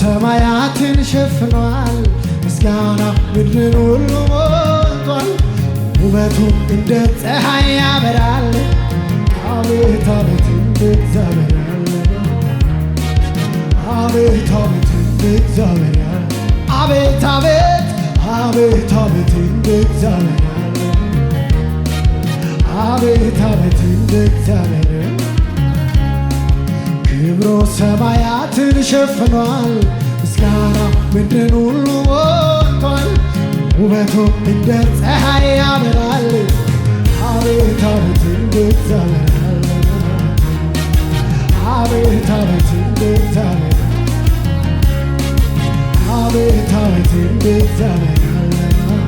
ሰማያትን ሸፍኗል። ምስጋና ምድርን ሁሉ ሞልቷል። ውበቱ እንደ ፀሐይ ያበራል። አቤት አቤት እንዴት ያበራል! አቤት አቤት እንዴት ያበራል! አቤት አቤት አቤት አቤት እንዴት ያበራል! አቤት አቤት እንዴት ያበራል! ክብሮ ሰማያ ሸፍኗል። ምስጋና ምድርን ሁሉ ሞልቷል። ውበቱ እንደ ፀሐይ ያበራል። አቤት አቤት እንዴት ታበራል! አቤት አቤት እንዴት ታበራል! አቤት አቤት እንዴት ታበራል!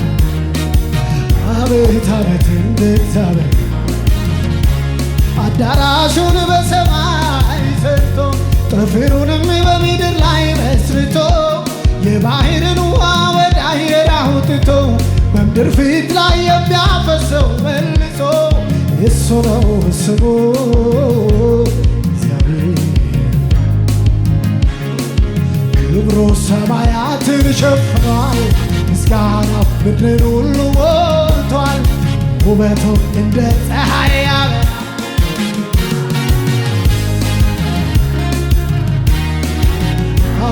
አቤት አቤት እንዴት ታበራል! አዳራሹን በሰማይ ሰጥቶ ጠፍሩንም በምድር ላይ መስርቶ የባሕርን ውሃ ወደ አየር አውጥቶ በምድር ፊት ላይ የሚያፈሰው መልሶ እሱ ነው ስሙ እግዚአብሔር። ክብሩ ሰማያትን ሸፍኗል፣ ምስጋና ምድርን ሁሉ ሞልቷል። ውበቱ እንደ ፀሐይ ያበራል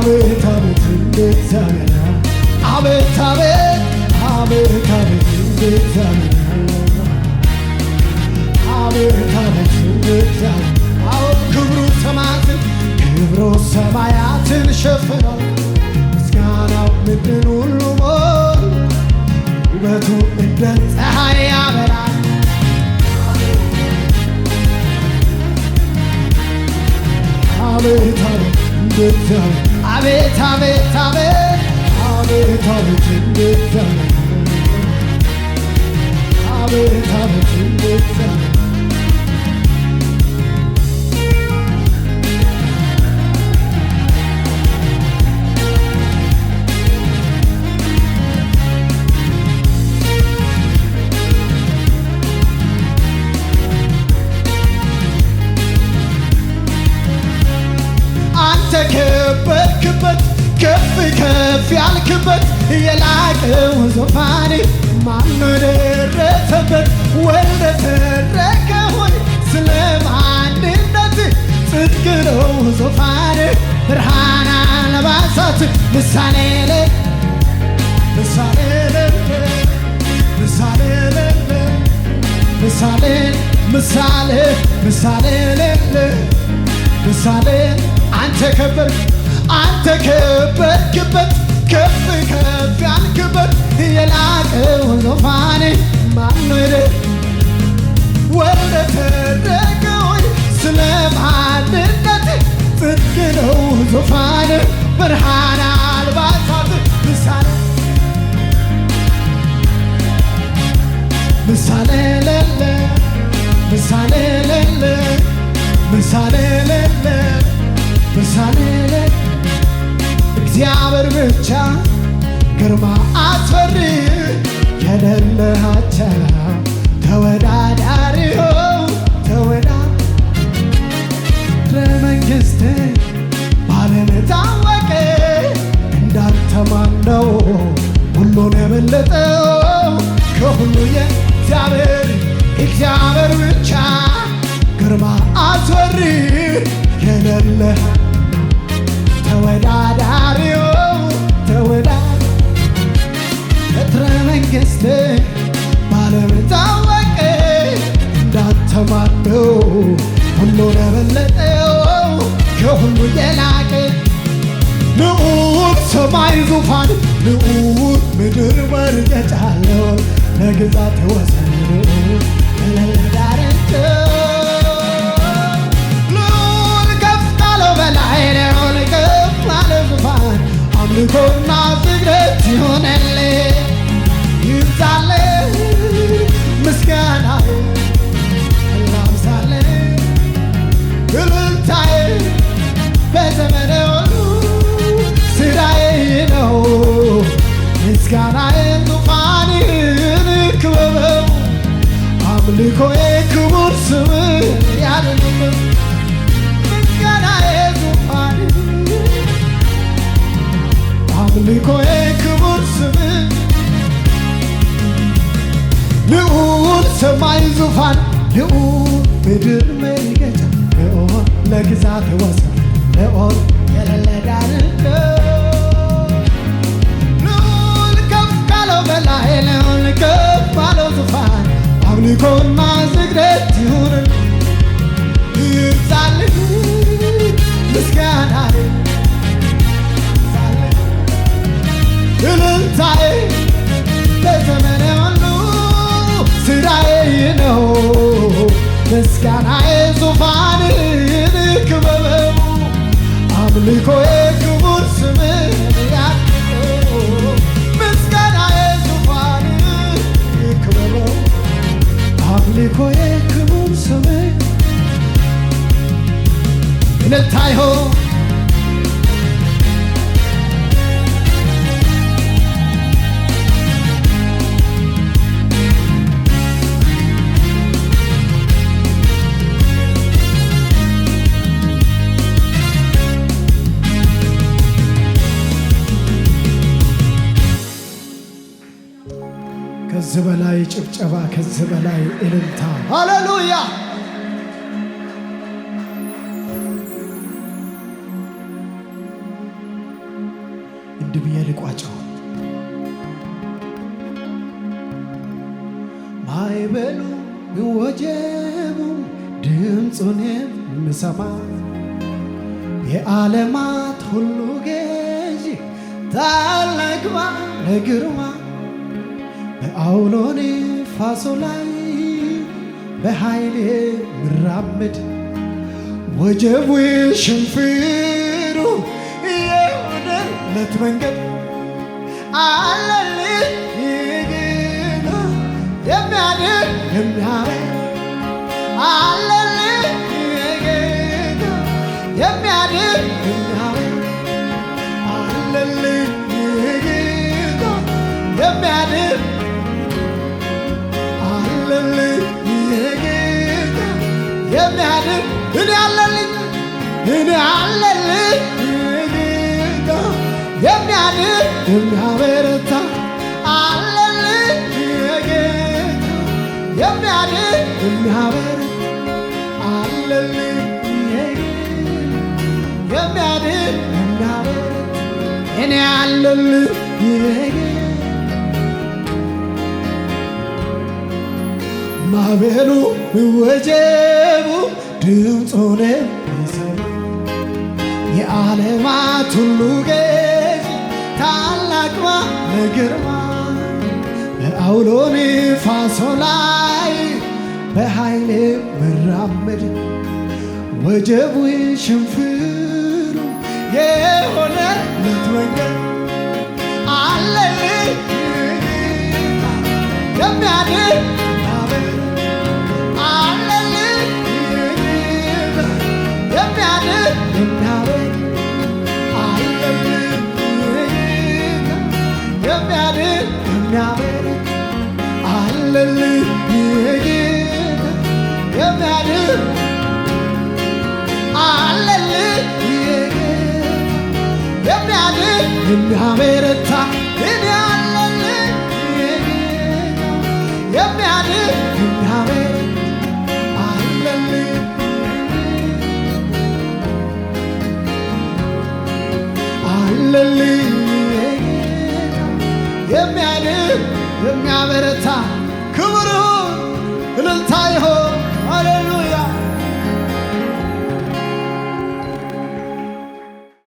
አቤት አቤት እንዴት ሲያበራ አቤት አቤት አቤት አቤት እንዴት ሲያበራ አቤት አቤት እንዴት ሲያበራ አዎ ክብሩ ሰማያትን ክብሩ ሰማያትን ሸፍኗል። ምስጋናው ምድርን ሁሉ ሞል ውበቱ እንደ ፀሐይ ያበራል። አቤት አቤት እንዴት ሲያበራ አቤት አቤት አቤት አቤት አቤት እንዴት አቤት አቤት እንዴት ከፍ ያልክበት የላቀው ዙፋን ማነው ደረሰበት ወልደ ተረከሆን ስለ ማንነት ጽድቅ ነው ዙፋን ብርሃን አልባሳት ምሳሌ ምሳሌ ምሳሌ ምሳሌ ምሳሌ ምሳሌ ምሳሌ አንተ ከበርክ አንተ ከበርክበት ከፍ ከፍ ያልክበት የላቀው ዙፋን ማነው? ሄደ ወደ ተደረገው ስለ ማንነት ጽድቅ ነው ዙፋን ብርሃን አልባሳት ምሳሌ ምሳሌ ለለ ምሳሌ ለለ ምሳሌ ለለ ምሳሌ እግዚአብሔር ብቻ ግርማ አስፈሪ የሌለሃቻ ተወዳዳሪ በሰማይ ዙፋን ልዑል ምድር ወርጨጫለው ለግዛት ወሰን ለዳርቅ ልዑል ከፍ ካለው በላይ ልዑል ከፍ ካለው ዙፋን አምልኮ ዙፋን ልዑል ምድር መሪገጫ ልዑል ለግዛት ወሰን ልዑል የሌለ ልዑል ከፍ ካለው በላይ ልዑል ከፍ ካለው ዙፋን አምልኮን ምስጋናዬ ዙፋንህን ክበበው አምልኮዬ ክቡር ስምህን ያድነው ምስጋናዬ ዙፋንህን ክበበው አምልኮዬ ክቡር ስምህ እልልታ ይሆን ከዚህ በላይ ጭብጨባ፣ ከዚህ በላይ እልልታ። ሃሌሉያ! እንዲህ ብዬ ልቋጨው። ማይበሉ ወጀቡ ድምፁን የምሰማ የዓለማት ሁሉ ገዢ ታላቅ ባለ ግርማ በአውሎ ነፋሱ ላይ በኃይሌ ምራመድ ወጀቡ ሽንፍሩ የወደለት መንገድ አለልኝ ይጌታ የሚያድን የሚያረግ አለልኝ ይጌታ የሚያድን እኔ አለልኝ እኔ አለልኝ የሚያድ የሚያበረታ አለልኝ የሚያድን የሚያበረታ አለልኝ የሚያድን የሚያበረታ እኔ አለልኝ ማዕበሉ ወጀቡ ድምፁንም የሰሙ የዓለማት ሁሉ ገዥ ታላቅ በግርማ በአውሎ ነፋሱ ላይ በኃይል መራመድ ወጀቡ ሽንፍሩ የሆነለት መንገድ አለ የሚያድን የሚያበረታ የሚያለልኝ የሚያድን የሚያበረታ አለልኝ አለልኝ የሚያድን የሚያበረታ